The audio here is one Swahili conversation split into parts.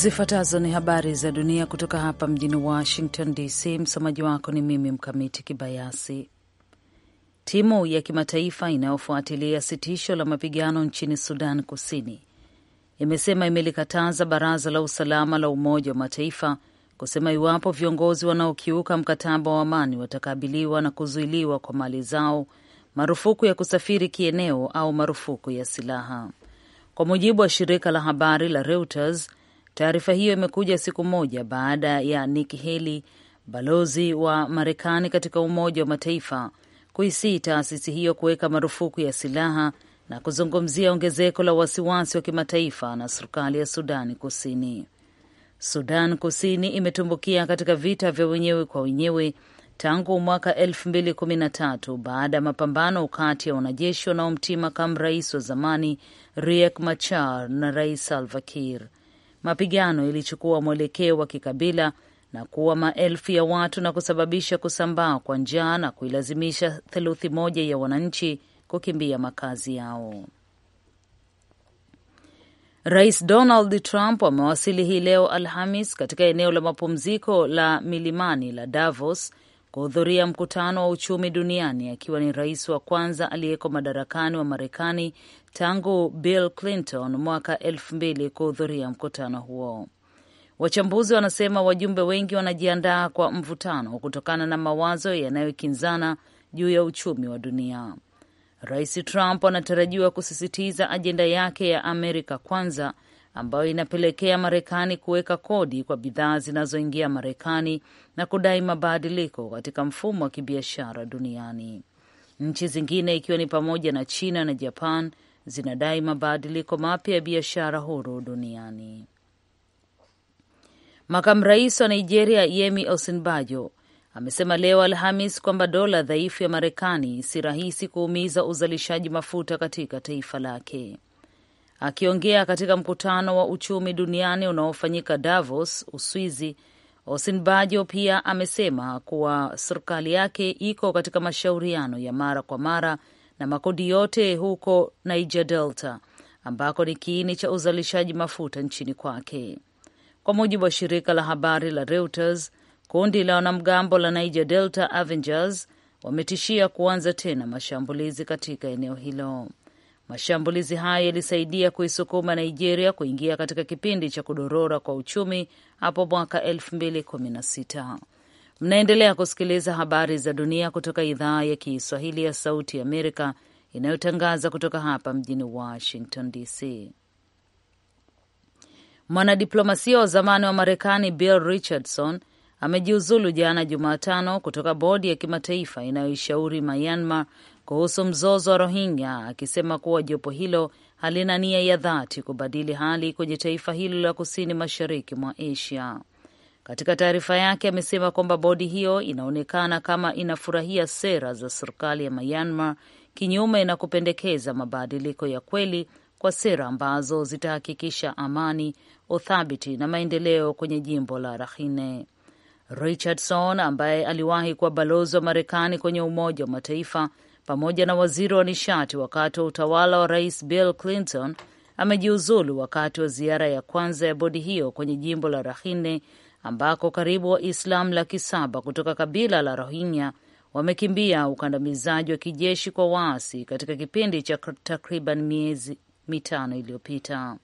Zifuatazo ni habari za dunia kutoka hapa mjini Washington DC. Msomaji wako ni mimi Mkamiti Kibayasi. Timu ya kimataifa inayofuatilia sitisho la mapigano nchini Sudan Kusini imesema imelikataza Baraza la Usalama la Umoja wa Mataifa kusema iwapo viongozi wanaokiuka mkataba wa amani watakabiliwa na kuzuiliwa kwa mali zao, marufuku ya kusafiri kieneo au marufuku ya silaha. Kwa mujibu wa shirika la habari la Reuters, Taarifa hiyo imekuja siku moja baada ya Nikki Haley, balozi wa Marekani katika Umoja wa Mataifa, kuisii taasisi hiyo kuweka marufuku ya silaha na kuzungumzia ongezeko la wasiwasi wa kimataifa na serikali ya Sudani Kusini. Sudan Kusini imetumbukia katika vita vya wenyewe kwa wenyewe tangu mwaka 2013 baada ya mapambano kati ya wanajeshi wanaomtii makamu rais wa zamani Riek Machar na Rais Salva Kiir mapigano yalichukua mwelekeo wa kikabila na kuwa maelfu ya watu na kusababisha kusambaa kwa njaa na kuilazimisha theluthi moja ya wananchi kukimbia makazi yao. Rais Donald Trump amewasili hii leo Alhamis katika eneo la mapumziko la milimani la Davos kuhudhuria mkutano wa uchumi duniani akiwa ni rais wa kwanza aliyeko madarakani wa Marekani tangu Bill Clinton mwaka elfu mbili kuhudhuria mkutano huo. Wachambuzi wanasema wajumbe wengi wanajiandaa kwa mvutano kutokana na mawazo yanayokinzana juu ya uchumi wa dunia. Rais Trump anatarajiwa kusisitiza ajenda yake ya Amerika kwanza ambayo inapelekea Marekani kuweka kodi kwa bidhaa zinazoingia Marekani na kudai mabadiliko katika mfumo wa kibiashara duniani. Nchi zingine ikiwa ni pamoja na China na Japan zinadai mabadiliko mapya ya biashara huru duniani. Makamu rais wa Nigeria Yemi Osinbajo amesema leo Alhamis kwamba dola dhaifu ya Marekani si rahisi kuumiza uzalishaji mafuta katika taifa lake. Akiongea katika mkutano wa uchumi duniani unaofanyika Davos, Uswizi, Osinbajo pia amesema kuwa serikali yake iko katika mashauriano ya mara kwa mara na makundi yote huko Niger Delta ambako ni kiini cha uzalishaji mafuta nchini kwake. Kwa mujibu wa shirika la habari la Reuters, kundi la wanamgambo la Niger Delta Avengers wametishia kuanza tena mashambulizi katika eneo hilo. Mashambulizi hayo yalisaidia kuisukuma Nigeria kuingia katika kipindi cha kudorora kwa uchumi hapo mwaka 2016. Mnaendelea kusikiliza habari za dunia kutoka idhaa ya Kiswahili ya Sauti ya Amerika inayotangaza kutoka hapa mjini Washington DC. Mwanadiplomasia wa zamani wa Marekani Bill Richardson amejiuzulu jana Jumatano kutoka bodi ya kimataifa inayoishauri Myanmar kuhusu mzozo wa Rohingya, akisema kuwa jopo hilo halina nia ya dhati kubadili hali kwenye taifa hilo la kusini mashariki mwa Asia. Katika taarifa yake amesema kwamba bodi hiyo inaonekana kama inafurahia sera za serikali ya Myanmar kinyume na kupendekeza mabadiliko ya kweli kwa sera ambazo zitahakikisha amani, uthabiti na maendeleo kwenye jimbo la Rakhine. Richardson ambaye aliwahi kuwa balozi wa Marekani kwenye Umoja wa Mataifa pamoja na waziri wa nishati wakati wa utawala wa Rais Bill Clinton amejiuzulu wakati wa ziara ya kwanza ya bodi hiyo kwenye jimbo la Rakhine ambako karibu Waislamu laki saba kutoka kabila la Rohingya wamekimbia ukandamizaji wa kijeshi kwa waasi katika kipindi cha takriban miezi mitano iliyopita.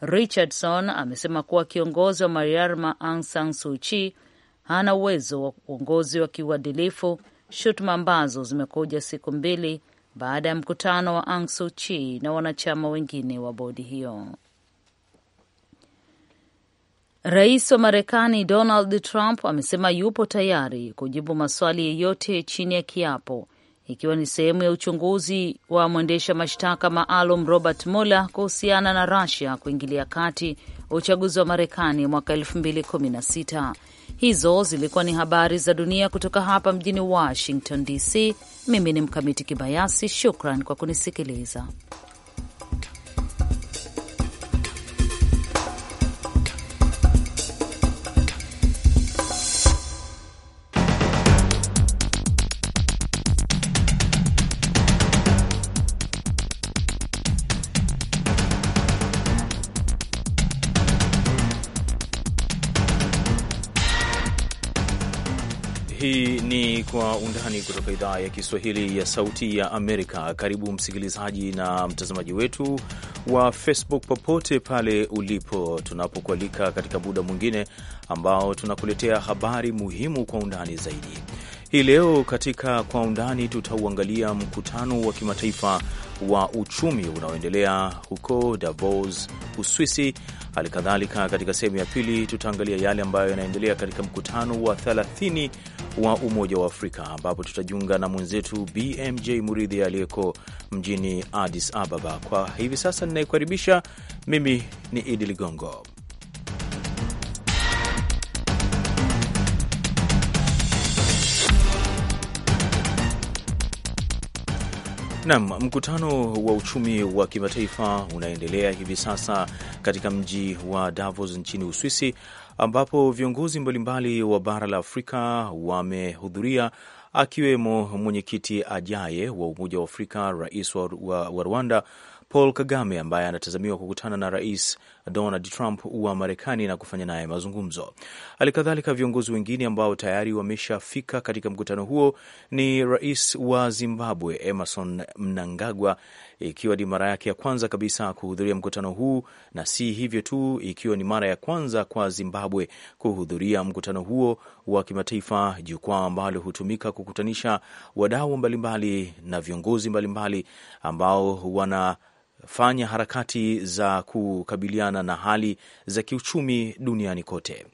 Richardson amesema kuwa kiongozi wa Myanmar Aung San Suu Kyi hana uwezo wa uongozi wa kiuadilifu shutuma ambazo zimekuja siku mbili baada ya mkutano wa Aung Suu Kyi na wanachama wengine wa bodi hiyo. Rais wa Marekani Donald Trump amesema yupo tayari kujibu maswali yeyote chini ya kiapo ikiwa ni sehemu ya uchunguzi wa mwendesha mashtaka maalum Robert Mueller kuhusiana na Russia kuingilia kati uchaguzi wa Marekani mwaka 2016. Hizo zilikuwa ni habari za dunia kutoka hapa mjini Washington DC. Mimi ni Mkamiti Kibayasi, shukran kwa kunisikiliza. Kwa Undani kutoka idhaa ya Kiswahili ya Sauti ya Amerika. Karibu msikilizaji na mtazamaji wetu wa Facebook popote pale ulipo, tunapokualika katika muda mwingine ambao tunakuletea habari muhimu kwa undani zaidi. Hii leo katika Kwa Undani tutauangalia mkutano wa kimataifa wa uchumi unaoendelea huko Davos, Uswisi. Hali kadhalika katika sehemu ya pili tutaangalia yale ambayo yanaendelea katika mkutano wa thelathini wa Umoja wa Afrika, ambapo tutajiunga na mwenzetu BMJ Muridhi aliyeko mjini Addis Ababa. Kwa hivi sasa ninayekaribisha mimi ni Idi Ligongo. Nam, mkutano wa uchumi wa kimataifa unaendelea hivi sasa katika mji wa Davos nchini Uswisi, ambapo viongozi mbalimbali wa bara la Afrika wamehudhuria akiwemo mwenyekiti ajaye wa Umoja wa Afrika, rais wa, wa, wa Rwanda Paul Kagame ambaye anatazamiwa kukutana na rais Donald Trump wa Marekani na kufanya naye mazungumzo. Halikadhalika, viongozi wengine ambao tayari wameshafika katika mkutano huo ni rais wa Zimbabwe Emerson Mnangagwa, ikiwa ni mara yake ya kwanza kabisa kuhudhuria mkutano huu, na si hivyo tu, ikiwa ni mara ya kwanza kwa Zimbabwe kuhudhuria mkutano huo wa kimataifa, jukwaa ambalo hutumika kukutanisha wadau mbalimbali na viongozi mbalimbali ambao wana fanya harakati za kukabiliana na hali za kiuchumi duniani kote.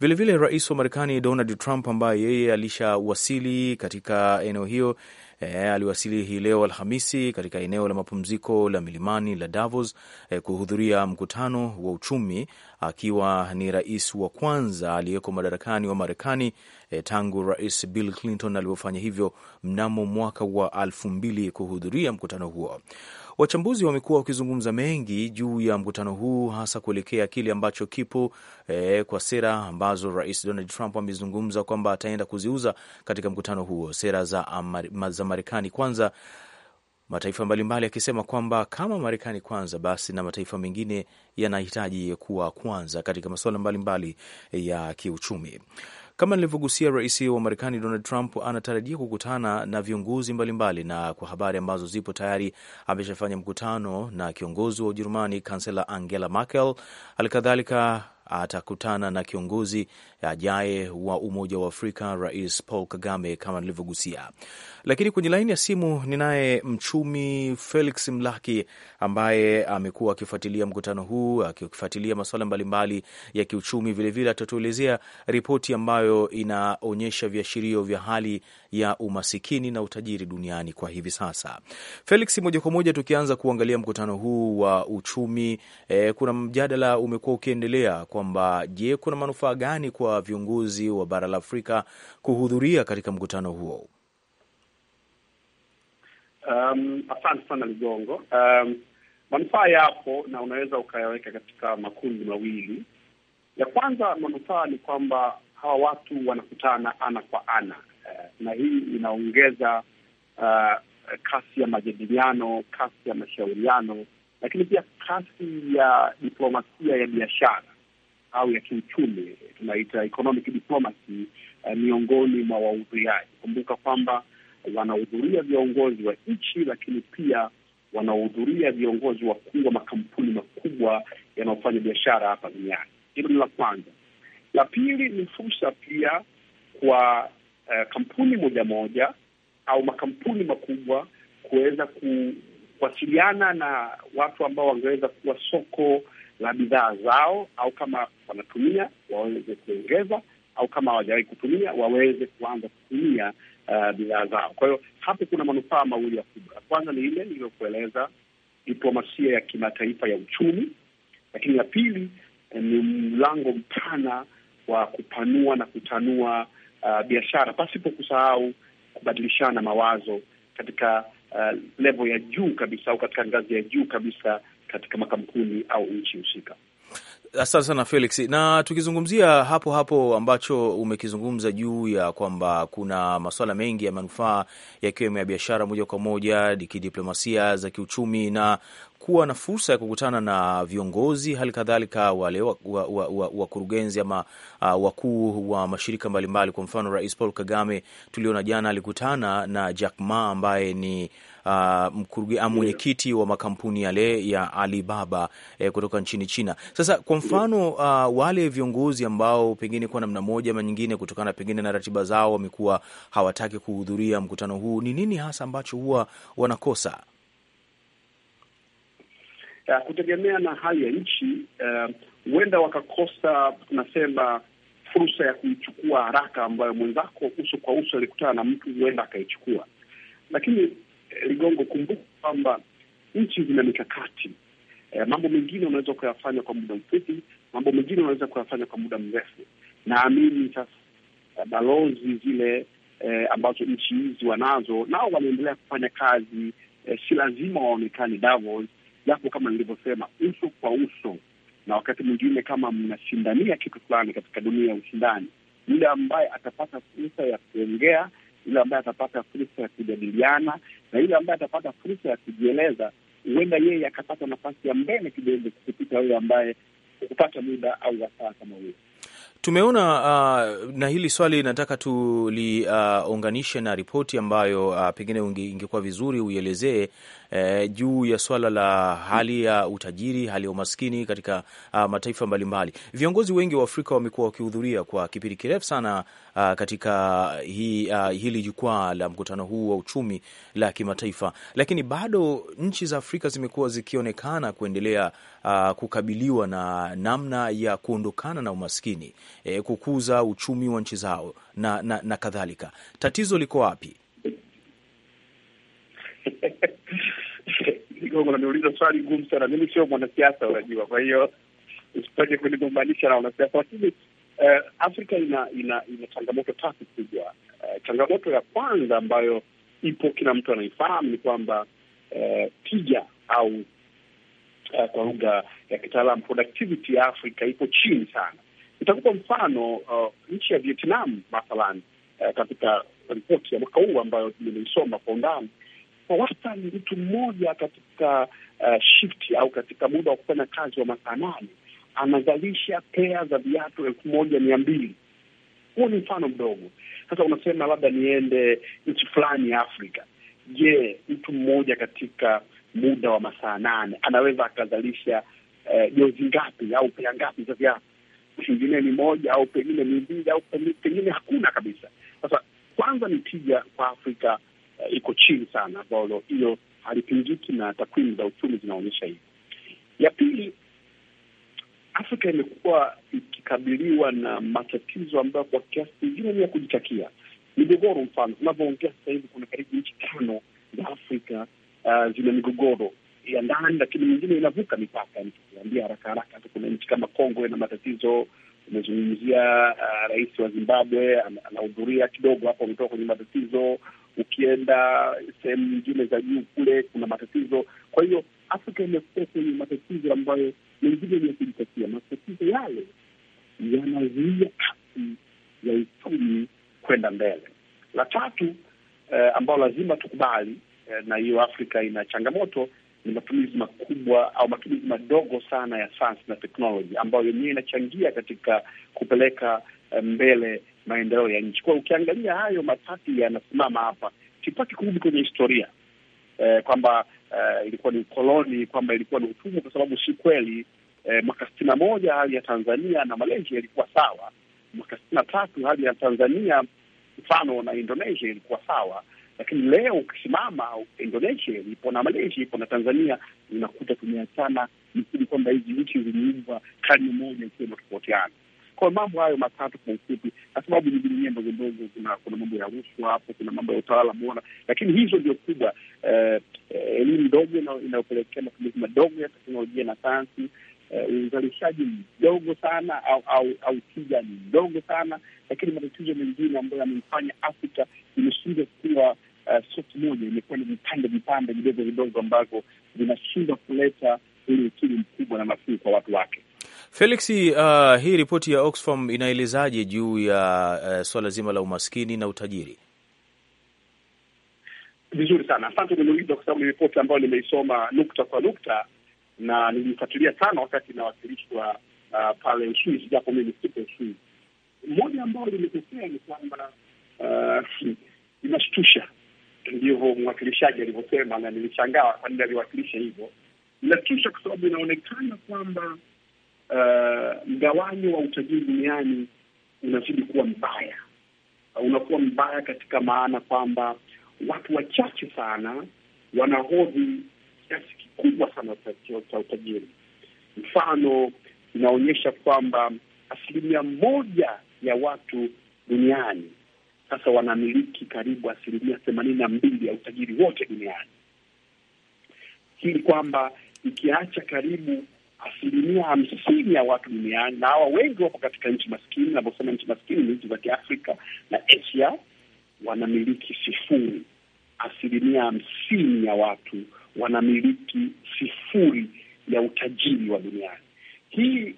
Vilevile vile rais wa Marekani Donald Trump ambaye yeye alishawasili katika eneo hiyo E, aliwasili hii leo Alhamisi katika eneo la mapumziko la milimani la Davos e, kuhudhuria mkutano wa uchumi akiwa ni rais wa kwanza aliyeko madarakani wa Marekani e, tangu Rais Bill Clinton alivyofanya hivyo mnamo mwaka wa elfu mbili kuhudhuria mkutano huo. Wachambuzi wamekuwa wakizungumza mengi juu ya mkutano huu, hasa kuelekea kile ambacho kipo eh, kwa sera ambazo Rais Donald Trump amezungumza kwamba ataenda kuziuza katika mkutano huo, sera za, za Marekani kwanza mataifa mbalimbali akisema kwamba kama Marekani kwanza basi na mataifa mengine yanahitaji kuwa kwanza katika masuala mbalimbali ya kiuchumi. Kama nilivyogusia, rais wa Marekani Donald Trump anatarajia kukutana na viongozi mbalimbali, na kwa habari ambazo zipo tayari ameshafanya mkutano na kiongozi wa Ujerumani, kansela Angela Merkel. Halikadhalika atakutana na kiongozi ajaye wa Umoja wa Afrika, Rais Paul Kagame, kama nilivyogusia. Lakini kwenye laini ya simu ninaye mchumi Felix Mlaki ambaye amekuwa akifuatilia mkutano huu, akifuatilia masuala mbalimbali ya kiuchumi. Vilevile atatuelezea ripoti ambayo inaonyesha viashirio vya hali ya umasikini na utajiri duniani kwa hivi sasa. Felix, moja kwa moja tukianza kuangalia mkutano huu wa uchumi e, kuna mjadala umekuwa ukiendelea kwamba je, kuna manufaa gani kwa viongozi wa bara la Afrika kuhudhuria katika mkutano huo? Um, asante sana Ligongo. Um, manufaa yapo na unaweza ukayaweka katika makundi mawili. Ya kwanza manufaa ni kwamba hawa watu wanakutana ana kwa ana, Eh, na hii inaongeza uh, kasi ya majadiliano, kasi ya mashauriano, lakini pia kasi ya diplomasia ya biashara au ya kiuchumi, tunaita economic diplomacy uh, miongoni mwa wahudhuriaji. Kumbuka kwamba wanahudhuria viongozi wa nchi, lakini pia wanahudhuria viongozi wakuu wa makampuni makubwa yanayofanya biashara hapa duniani. Hilo ni la kwanza. La pili ni fursa pia kwa uh, kampuni moja moja au makampuni makubwa kuweza kuwasiliana na watu ambao wangeweza kuwa soko la bidhaa zao, au kama wanatumia waweze kuongeza, au kama hawajawahi kutumia waweze kuanza kutumia uh, bidhaa zao. Kwa hiyo hapo kuna manufaa mawili kubwa. Kwanza ni ile niliyokueleza diplomasia ya kimataifa ya uchumi, lakini la pili eh, ni mlango mpana wa kupanua na kutanua uh, biashara pasipo kusahau kubadilishana mawazo katika uh, level ya juu kabisa au katika ngazi ya juu kabisa katika makampuni au nchi husika. Asante sana Felix. Na tukizungumzia hapo hapo ambacho umekizungumza juu ya kwamba kuna masuala mengi ya manufaa yakiwemo ya biashara moja kwa moja, kidiplomasia, za kiuchumi na kuwa na fursa ya kukutana na viongozi, hali kadhalika wale wakurugenzi wa, wa, wa, wa ama uh, wakuu wa mashirika mbalimbali Kwa mfano Rais Paul Kagame tuliona jana alikutana na Jack Ma ambaye ni uh, mwenyekiti wa makampuni yale ya Alibaba eh, kutoka nchini China. Sasa kwa mfano uh, wale viongozi ambao pengine kwa namna moja ama nyingine, kutokana pengine na ratiba zao, wamekuwa hawataki kuhudhuria mkutano huu, ni nini hasa ambacho huwa wanakosa? uh, kutegemea na hali ya nchi eh, huenda uh, wakakosa tunasema fursa ya kuichukua haraka ambayo mwenzako uso kwa uso alikutana na mtu huenda akaichukua. Lakini eh, Ligongo, kumbuka kwamba nchi zina mikakati eh, mambo mengine unaweza kuyafanya kwa muda mfupi, mambo mengine unaweza kuyafanya kwa muda mrefu. Naamini sasa eh, balozi zile eh, ambazo nchi hizi wanazo nao wanaendelea kufanya kazi eh, si lazima waonekane Davos japo kama nilivyosema, uso kwa uso, na wakati mwingine kama mnashindania kitu fulani katika dunia ya ushindani, yule ambaye atapata fursa ya kuongea, yule ambaye atapata fursa ya kujadiliana, na yule ambaye atapata fursa ya kujieleza, huenda yeye akapata nafasi ya mbele kidogo kupita yule ambaye kupata muda au wasaa kama huyo. Tumeona uh, na hili swali nataka tuliunganishe uh, na ripoti ambayo uh, pengine ingekuwa vizuri uielezee Eh, juu ya swala la hali ya utajiri, hali ya umaskini katika uh, mataifa mbalimbali. Viongozi wengi wa Afrika wamekuwa wakihudhuria kwa kipindi kirefu sana uh, katika hi, uh, hili jukwaa la mkutano huu wa uchumi la kimataifa, lakini bado nchi za Afrika zimekuwa zikionekana kuendelea uh, kukabiliwa na namna ya kuondokana na umaskini eh, kukuza uchumi wa nchi zao na, na, na kadhalika. Tatizo liko wapi? Ligongo, unaniuliza swali ngumu sana. Mimi sio mwanasiasa, unajua, kwa hiyo usipate kunigombanisha na wanasiasa, lakini Uh, Afrika ina ina ina changamoto tatu kubwa. Uh, changamoto ya kwanza ambayo ipo kila mtu anaifahamu ni kwamba uh, tija au uh, kwa lugha ya kitaalamu productivity ya Afrika ipo chini sana. Nitakupa mfano uh, nchi ya Vietnam mathalan, uh, katika ripoti ya mwaka huu ambayo nimeisoma kwa undani kwa wastani mtu mmoja katika uh, shift au katika muda wa kufanya kazi wa masaa nane anazalisha pea za viatu elfu moja mia mbili. Huo ni mfano mdogo. Sasa unasema labda niende nchi fulani ya Afrika. Je, mtu mmoja katika muda wa masaa nane anaweza akazalisha eh, jozi uh, ngapi au pea ngapi za viatu? Pengine ni moja au pengine ni mbili au pengine hakuna kabisa. Sasa kwanza ni tija kwa Afrika uh, iko chini sana, ambalo hilo halipingiki na takwimu za uchumi zinaonyesha hivi. Ya pili, Afrika imekuwa ikikabiliwa na matatizo ambayo kwa kiasi kingine ni ya kujitakia, migogoro. Mfano, tunavyoongea sasa hivi kuna karibu nchi tano za Afrika uh, zina migogoro ya ndani, lakini mingine inavuka mipaka. Nikiambia haraka haraka, hata kuna nchi kama Kongo ina matatizo umezungumzia uh, rais wa Zimbabwe anahudhuria kidogo hapo, ametoka kwenye matatizo ukienda sehemu nyingine za juu kule kuna matatizo. Kwa hiyo Afrika imekuwa kwenye matatizo ambayo mengine ni ya kujitakia. Matatizo yale yanazuia kasi ya uchumi kwenda mbele. La tatu eh, ambayo lazima tukubali eh, na hiyo Afrika ina changamoto ni matumizi makubwa au matumizi madogo sana ya sayansi na teknoloji ambayo yenyewe inachangia katika kupeleka Eh, mbele maendeleo ya nchi. Kwa ukiangalia hayo matatu yanasimama hapa, sitaki kurudi kwenye historia eh, kwamba eh, ilikuwa ni ukoloni, kwamba ilikuwa ni utumwa, kwa sababu si kweli. Eh, mwaka sitini na moja hali ya Tanzania na Malaysia ilikuwa sawa. Mwaka sitini na tatu hali ya Tanzania mfano na Indonesia ilikuwa sawa, lakini leo ukisimama Indonesia ipo na Malaysia ipo na Tanzania, unakuta tumeachana nikili kwamba hizi nchi ziliumbwa karne moja ikiwa na tofautiana kwa mambo hayo matatu kwa ufupi, kwa sababu nyingine ndogo ndogo, kuna kuna mambo ya rushwa hapo, kuna mambo ya utawala bora, lakini hizo ndio kubwa. Eh, eh, elimu ndogo inayopelekea matumizi madogo ya teknolojia na sayansi, eh, uzalishaji mdogo sana au au au tija ni ndogo sana, lakini matatizo mengine ambayo yamemfanya Afrika imeshindwa kuwa soti moja, imekuwa ni vipande vipande vidogo vidogo ambavyo vinashindwa kuleta ule ukili mkubwa na nafuu kwa watu wake. Felix, uh, hii ripoti ya Oxfam inaelezaje juu ya uh, swala zima la umaskini na utajiri? Vizuri sana, asante nimeuliza kwa sababu ni ripoti ambayo nimeisoma nukta kwa nukta na nilimfuatilia sana wakati inawasilishwa uh, pale Uswizi, japo mimi sipo Uswizi. Moja ambayo limetokea ni kwamba uh, inashtusha, ndivyo mwakilishaji alivyosema, na nilishangaa kwa nini aliwakilisha hivyo. Inashtusha kwa sababu inaonekana kwamba uh, mgawanyo wa utajiri duniani unazidi kuwa mbaya. Uh, unakuwa mbaya katika maana kwamba watu wachache sana wanahodhi kiasi kikubwa sana cha utajiri. Mfano inaonyesha kwamba asilimia moja ya watu duniani sasa wanamiliki karibu asilimia themanini na mbili ya utajiri wote duniani. Hii kwamba ikiacha karibu asilimia hamsini ya watu duniani, na hawa wengi wako katika nchi maskini. Navyosema nchi maskini ni nchi za Kiafrika na Asia, wanamiliki sifuri. Asilimia hamsini ya watu wanamiliki sifuri ya utajiri wa duniani. Hii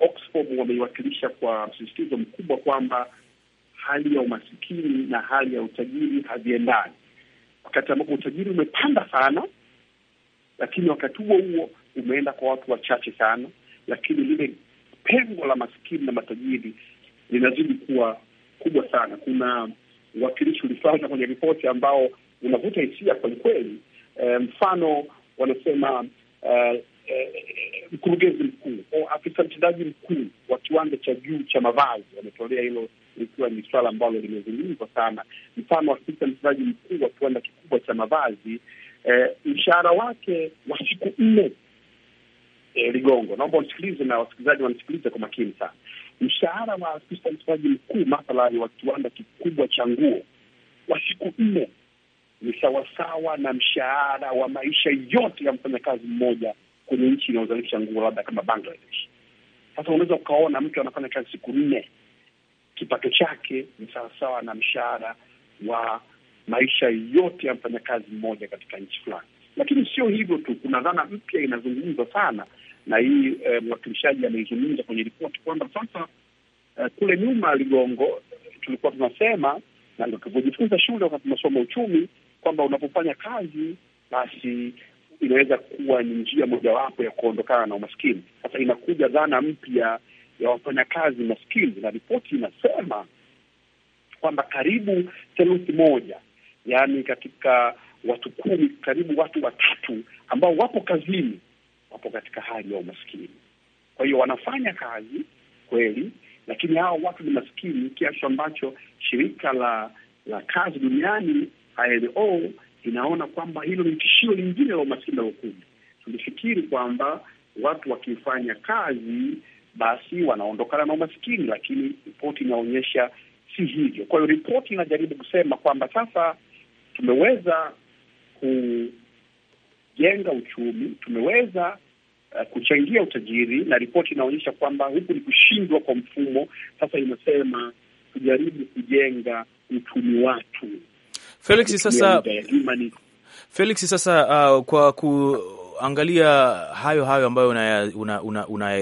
Oxfam wameiwakilisha kwa msisitizo mkubwa kwamba hali ya umasikini na hali ya utajiri haziendani wakati ambapo utajiri umepanda sana, lakini wakati huo huo umeenda kwa watu wachache sana, lakini lile pengo la maskini na matajiri linazidi kuwa kubwa sana. Kuna uwakilishi ulifanya kwenye ripoti ambao unavuta hisia kwelikweli. E, mfano wanasema e, e mkurugenzi mkuu au afisa mtendaji mkuu wa kiwanda cha juu cha mavazi wametolea hilo likiwa ni swala ambalo limezungumzwa sana. Mfano, afisa mtendaji mkuu wa kiwanda kikubwa cha mavazi e, mshahara wake wa siku nne eh, Ligongo, naomba unisikilize na wasikilizaji wanisikilize kwa makini sana. Mshahara wa afisa mtendaji mkuu mathalani wa kiwanda kikubwa cha nguo wa siku nne ni sawasawa na mshahara wa maisha yote ya mfanyakazi mmoja kwenye nchi inayozalisha nguo, labda kama Bangladesh. Sasa unaweza ukaona mtu anafanya kazi siku nne, kipato chake ni sawasawa na mshahara wa maisha yote ya mfanyakazi mmoja katika nchi fulani. Lakini sio hivyo tu, kuna dhana mpya inazungumzwa sana na hii eh, mwakilishaji ameizungumza kwenye ripoti kwamba sasa eh, kule nyuma Ligongo tulikuwa tunasema na ndo tulivyojifunza shule wakati masomo uchumi kwamba unapofanya kazi basi inaweza kuwa ni njia mojawapo ya kuondokana na umaskini. Sasa inakuja dhana mpya ya wafanyakazi maskini, na ripoti inasema kwamba karibu theluthi moja, yaani katika watu kumi, karibu watu watatu ambao wapo kazini wapo katika hali ya umaskini. Kwa hiyo wanafanya kazi kweli, lakini hao watu ni maskini kiasi ambacho shirika la la kazi duniani ILO inaona kwamba hilo ni tishio lingine la umaskini la ukumi. Tulifikiri kwamba watu wakifanya kazi basi wanaondokana na umaskini, lakini ripoti inaonyesha si hivyo. Kwa hiyo ripoti inajaribu kusema kwamba sasa tumeweza ku kujenga uchumi, tumeweza uh, kuchangia utajiri, na ripoti inaonyesha kwamba huku ni kushindwa kwa mfumo. Sasa inasema tujaribu kujenga uchumi watu Felix, sasa Felix, sasa uh, kwa kuangalia hayo hayo ambayo unayaeleza una, una, una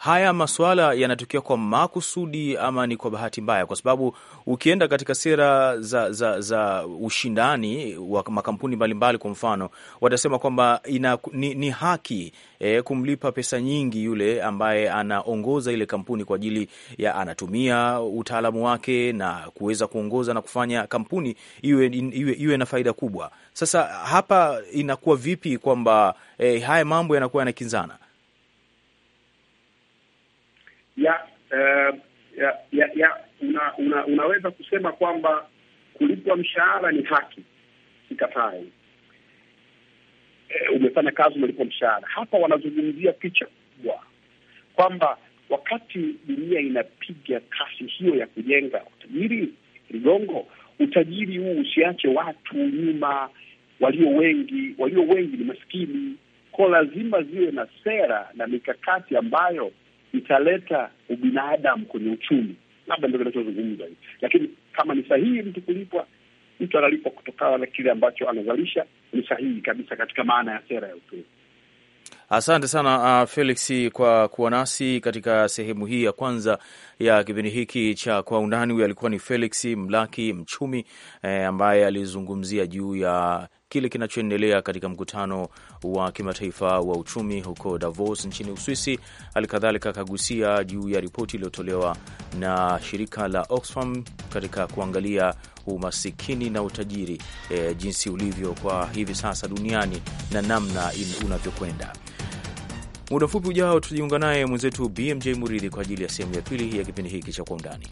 haya masuala yanatokea kwa makusudi ama ni kwa bahati mbaya? Kwa sababu ukienda katika sera za, za, za ushindani wa makampuni mbalimbali, kwa mfano watasema kwamba ina, ni, ni haki e, kumlipa pesa nyingi yule ambaye anaongoza ile kampuni kwa ajili ya anatumia utaalamu wake na kuweza kuongoza na kufanya kampuni iwe, iwe, iwe na faida kubwa. Sasa hapa inakuwa vipi kwamba e, haya mambo yanakuwa yanakinzana? ya, eh, ya, ya, ya una, una, unaweza kusema kwamba kulipwa mshahara ni haki, sikatai. E, umefanya kazi umelipwa mshahara. Hapa wanazungumzia picha kubwa kwamba wakati dunia inapiga kasi hiyo ya kujenga utajiri, Ligongo, utajiri huu usiache watu nyuma. Walio wengi walio wengi ni maskini, kwa lazima ziwe na sera na mikakati ambayo italeta ubinadamu kwenye uchumi, labda ndio kinachozungumza hivi. Lakini kama ni sahihi mtu kulipwa, mtu analipwa kutokana na kile ambacho anazalisha, ni sahihi kabisa katika maana ya sera ya uchumi. Asante sana uh, Felix kwa kuwa nasi katika sehemu hii ya kwanza ya kipindi hiki cha Kwa Undani. Huyu alikuwa ni Felix Mlaki, mchumi eh, ambaye alizungumzia juu ya kile kinachoendelea katika mkutano wa kimataifa wa uchumi huko Davos nchini Uswisi. Halikadhalika akagusia juu ya ripoti iliyotolewa na shirika la Oxfam katika kuangalia umasikini na utajiri, e, jinsi ulivyo kwa hivi sasa duniani na namna unavyokwenda. Muda mfupi ujao, tujiunga naye mwenzetu BMJ Muridhi kwa ajili ya sehemu ya pili ya kipindi hiki cha Kwa Undani.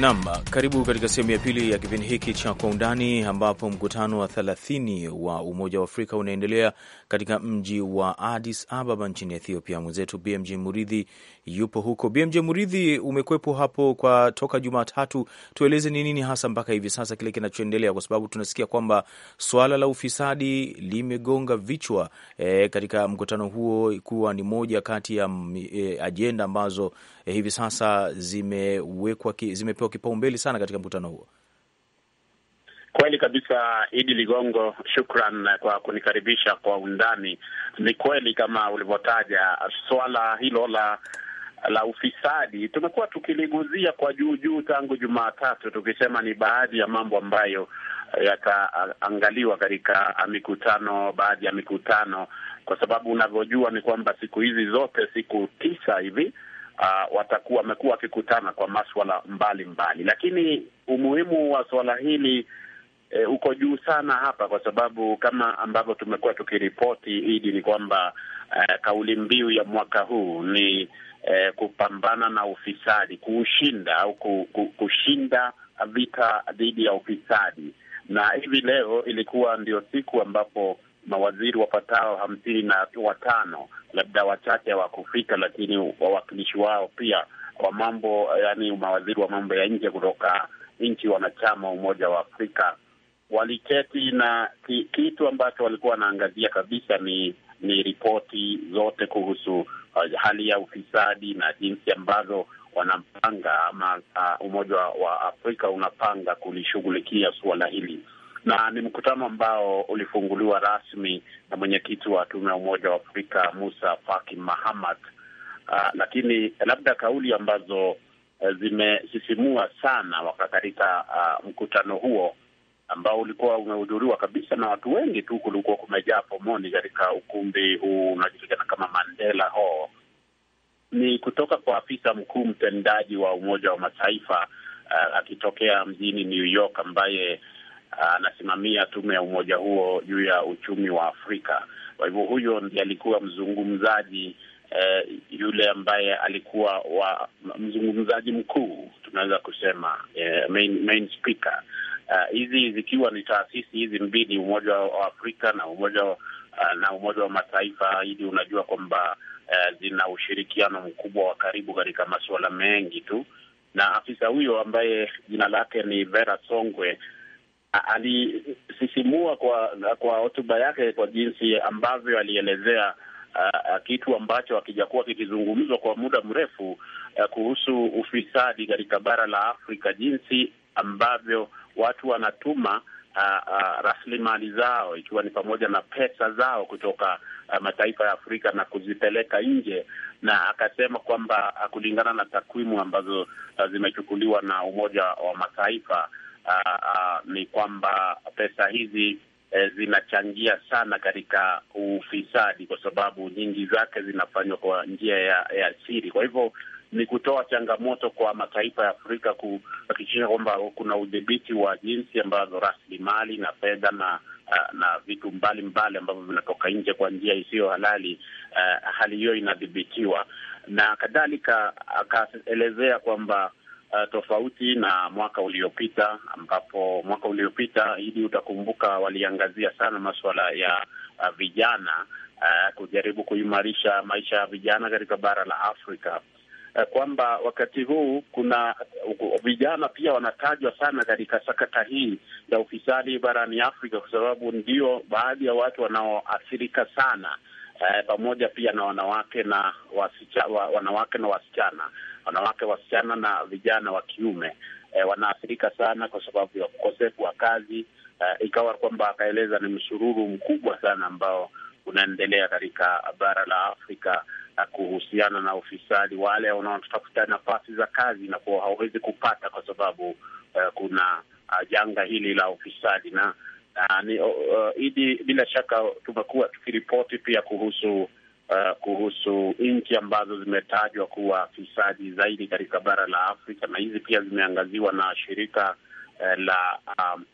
Nam, karibu katika sehemu ya pili ya kipindi hiki cha Kwa Undani, ambapo mkutano wa thelathini wa Umoja wa Afrika unaendelea katika mji wa Addis Ababa nchini Ethiopia. Mwenzetu BMJ Muridhi yupo huko. BMJ Muridhi, umekwepo hapo kwa toka Jumatatu, tueleze ni nini hasa mpaka hivi sasa kile kinachoendelea, kwa sababu tunasikia kwamba swala la ufisadi limegonga vichwa e, katika mkutano huo, kuwa ni moja kati ya e, ajenda ambazo eh, hivi sasa zimewekwa zimepewa kipaumbele sana katika mkutano huo? Kweli kabisa, Idi Ligongo, shukran kwa kunikaribisha. Kwa undani, ni kweli kama ulivyotaja swala hilo la la ufisadi tumekuwa tukiliguzia kwa juu juu tangu Jumatatu, tukisema ni baadhi ya mambo ambayo yataangaliwa katika mikutano, baadhi ya mikutano, kwa sababu unavyojua ni kwamba siku hizi zote, siku tisa hivi uh, watakuwa wamekuwa wakikutana kwa maswala mbalimbali mbali. Lakini umuhimu wa suala hili E, uko juu sana hapa kwa sababu kama ambavyo tumekuwa tukiripoti Idi, ni kwamba e, kauli mbiu ya mwaka huu ni e, kupambana na ufisadi, kuushinda au kushinda vita dhidi ya ufisadi, na hivi leo ilikuwa ndio siku ambapo mawaziri wapatao hamsini na watano, labda wachache hawakufika, lakini wawakilishi wao pia wa mambo, yani mawaziri wa mambo ya nje kutoka nchi wanachama Umoja wa Afrika waliketi na ki, kitu ambacho walikuwa wanaangazia kabisa ni ni ripoti zote kuhusu uh, hali ya ufisadi na jinsi ambazo wanapanga ama uh, Umoja wa Afrika unapanga kulishughulikia suala hili na ni mkutano ambao ulifunguliwa rasmi na mwenyekiti wa tume ya Umoja wa Afrika Musa Faki Mahamat. Uh, lakini labda kauli ambazo uh, zimesisimua sana katika uh, mkutano huo ambao ulikuwa umehudhuriwa kabisa na watu wengi tu, kulikuwa kumejaa pomoni katika ukumbi huu unajulikana kama Mandela Hall, ni kutoka kwa afisa mkuu mtendaji wa Umoja wa Mataifa uh, akitokea mjini New York ambaye Ah, anasimamia tume ya umoja huo juu ya uchumi wa Afrika. Kwa hivyo huyo ndiye alikuwa mzungumzaji eh, yule ambaye alikuwa wa mzungumzaji mkuu tunaweza kusema eh, main, main speaker ah, hizi uh, zikiwa ni taasisi hizi mbili, Umoja wa Afrika na umoja wa, uh, na Umoja wa Mataifa, ili unajua kwamba uh, zina ushirikiano mkubwa wa karibu katika masuala mengi tu, na afisa huyo ambaye jina lake ni Vera Songwe alisisimua kwa kwa hotuba yake kwa jinsi ambavyo alielezea uh, kitu ambacho hakijakuwa kikizungumzwa kwa muda mrefu uh, kuhusu ufisadi katika bara la Afrika, jinsi ambavyo watu wanatuma uh, uh, rasilimali zao ikiwa ni pamoja na pesa zao kutoka uh, mataifa ya Afrika na kuzipeleka nje, na akasema kwamba kulingana na takwimu ambazo uh, zimechukuliwa na Umoja wa Mataifa uh, ni kwamba pesa hizi eh, zinachangia sana katika ufisadi, kwa sababu nyingi zake zinafanywa kwa njia ya, ya siri. Kwa hivyo ni kutoa changamoto kwa mataifa ya Afrika kuhakikisha kwamba kuna udhibiti wa jinsi ambazo rasilimali na fedha na ah, na vitu mbalimbali ambavyo vinatoka nje kwa njia isiyo halali. Uh, hali hiyo inadhibitiwa na kadhalika. Akaelezea kwamba uh, tofauti na mwaka uliopita, ambapo mwaka uliopita hili utakumbuka, waliangazia sana masuala ya uh, vijana uh, kujaribu kuimarisha maisha ya vijana katika bara la Afrika kwamba wakati huu kuna vijana pia wanatajwa sana katika sakata hii ya ufisadi barani Afrika, kwa sababu ndio baadhi ya watu wanaoathirika sana, pamoja pia na wanawake na wasicha, wa, wanawake na wasichana wanawake, wasichana na vijana wa kiume e, wanaathirika sana kwa sababu ya ukosefu wa kazi e, ikawa kwamba akaeleza ni msururu mkubwa sana ambao unaendelea katika bara la Afrika eh, kuhusiana na ufisadi. Wale wanaotafuta nafasi za kazi na kuwa hawawezi kupata kwa sababu uh, kuna uh, janga hili la ufisadi na uh, ni, uh, idi bila shaka tumekuwa tukiripoti pia kuhusu uh, kuhusu nchi ambazo zimetajwa kuwa fisadi zaidi katika bara la Afrika, na hizi pia zimeangaziwa na shirika uh, la um,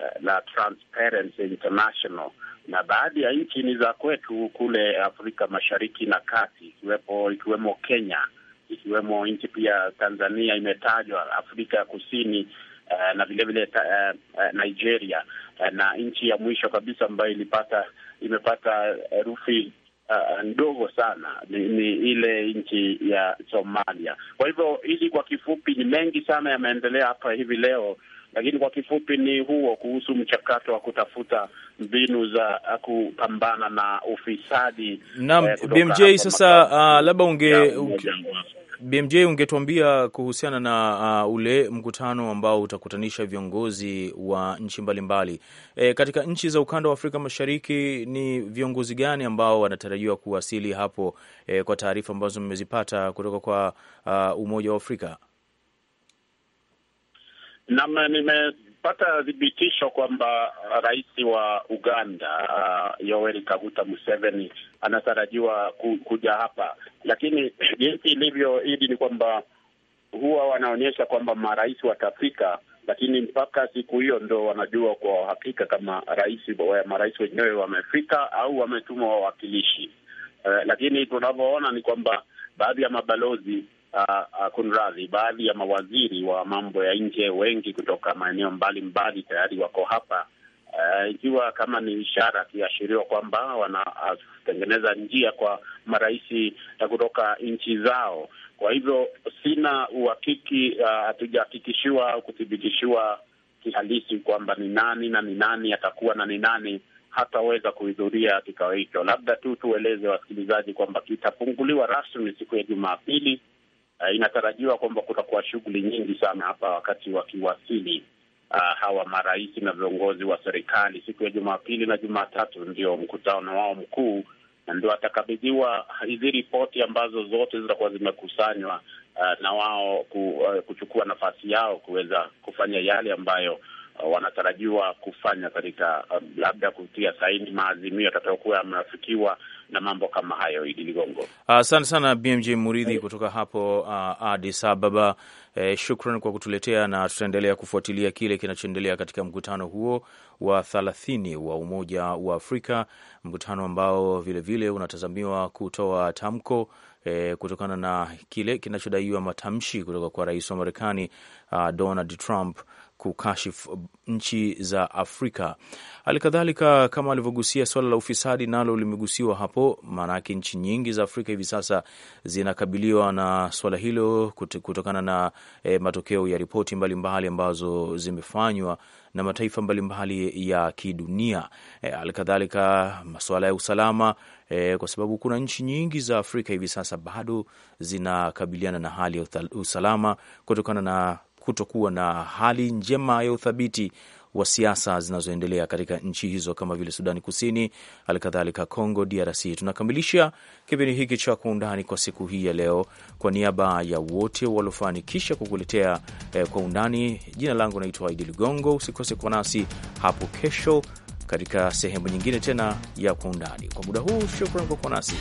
uh, la Transparency International, na baadhi ya nchi ni za kwetu kule Afrika Mashariki na Kati, ikiwepo ikiwemo Kenya, ikiwemo nchi pia Tanzania imetajwa, Afrika ya Kusini Uh, na vilevile uh, uh, Nigeria uh, na nchi ya mwisho kabisa ambayo ilipata imepata herufi uh, uh, ndogo sana ni, ni ile nchi ya Somalia. Kwa hivyo hili kwa kifupi, ni mengi sana yameendelea hapa hivi leo, lakini kwa kifupi ni huo kuhusu mchakato wa kutafuta mbinu za kupambana na ufisadi. Naam, eh, BMJ sasa, uh, labda unge BMJ, ungetuambia kuhusiana na uh, ule mkutano ambao utakutanisha viongozi wa nchi mbalimbali e, katika nchi za ukanda wa Afrika Mashariki, ni viongozi gani ambao wanatarajiwa kuwasili hapo e, kwa taarifa ambazo mmezipata kutoka kwa uh, Umoja wa Afrika? Naam, nime tumepata thibitisho kwamba rais wa Uganda uh, Yoweri Kaguta Museveni anatarajiwa ku, kuja hapa, lakini jinsi ilivyo hidi ni kwamba huwa wanaonyesha kwamba marais watafika, lakini mpaka siku hiyo ndo wanajua kwa uhakika kama rais marais wenyewe wamefika au wametumwa wawakilishi. Uh, lakini tunavyoona ni kwamba baadhi ya mabalozi uh, kunradhi, baadhi ya mawaziri wa mambo ya nje wengi kutoka maeneo mbalimbali tayari wako hapa, eh, ikiwa uh, kama ni ishara kiashiriwa kwamba wanatengeneza ah, uh, njia kwa marais eh, kutoka nchi zao. Kwa hivyo sina uhakiki, hatujahakikishiwa uh, au kuthibitishiwa kihalisi kwamba ni nani na ni nani atakuwa na ni nani hataweza kuhudhuria kikao hicho. Labda tu tueleze wasikilizaji kwamba kitafunguliwa rasmi siku ya Jumapili uh, inatarajiwa kwamba kutakuwa shughuli nyingi sana hapa wakati wakiwasili uh, hawa marais na viongozi wa serikali siku ya Jumapili na Jumatatu ndio mkutano wao mkuu, na ndio atakabidhiwa hizi ripoti ambazo zote zitakuwa zimekusanywa uh, na wao ku, uh, kuchukua nafasi yao kuweza kufanya yale ambayo uh, wanatarajiwa kufanya katika um, labda kutia saini maazimio yatakayokuwa yameafikiwa na mambo kama hayo. Idi Ligongo, asante uh, sana BMJ Muridhi hey, kutoka hapo uh, Adis Ababa. Eh, shukran kwa kutuletea na tutaendelea kufuatilia kile kinachoendelea katika mkutano huo wa thalathini wa Umoja wa Afrika, mkutano ambao vilevile unatazamiwa kutoa tamko eh, kutokana na kile kinachodaiwa matamshi kutoka kwa rais wa Marekani uh, Donald Trump kukashifu uh, nchi za Afrika. Halikadhalika, kama alivyogusia swala la ufisadi, nalo limegusiwa hapo, maanake nchi nyingi za Afrika hivi sasa zinakabiliwa na swala hilo kutokana na e, matokeo ya ripoti mbalimbali ambazo zimefanywa na mataifa mbalimbali mbali ya kidunia. Eh, hali e, masuala ya usalama e, kwa sababu kuna nchi nyingi za Afrika hivi sasa bado zinakabiliana na hali ya usalama kutokana na kutokuwa na hali njema ya uthabiti wa siasa zinazoendelea katika nchi hizo kama vile Sudani Kusini, halikadhalika Congo DRC. Tunakamilisha kipindi hiki cha Kwa Undani kwa siku hii ya leo. Kwa niaba ya wote waliofanikisha kukuletea eh, Kwa Undani, jina langu naitwa idi Ligongo. Usikose kuwa nasi hapo kesho katika sehemu nyingine tena ya Kwa Undani. Kwa muda huu, shukran kwa kuwa nasi.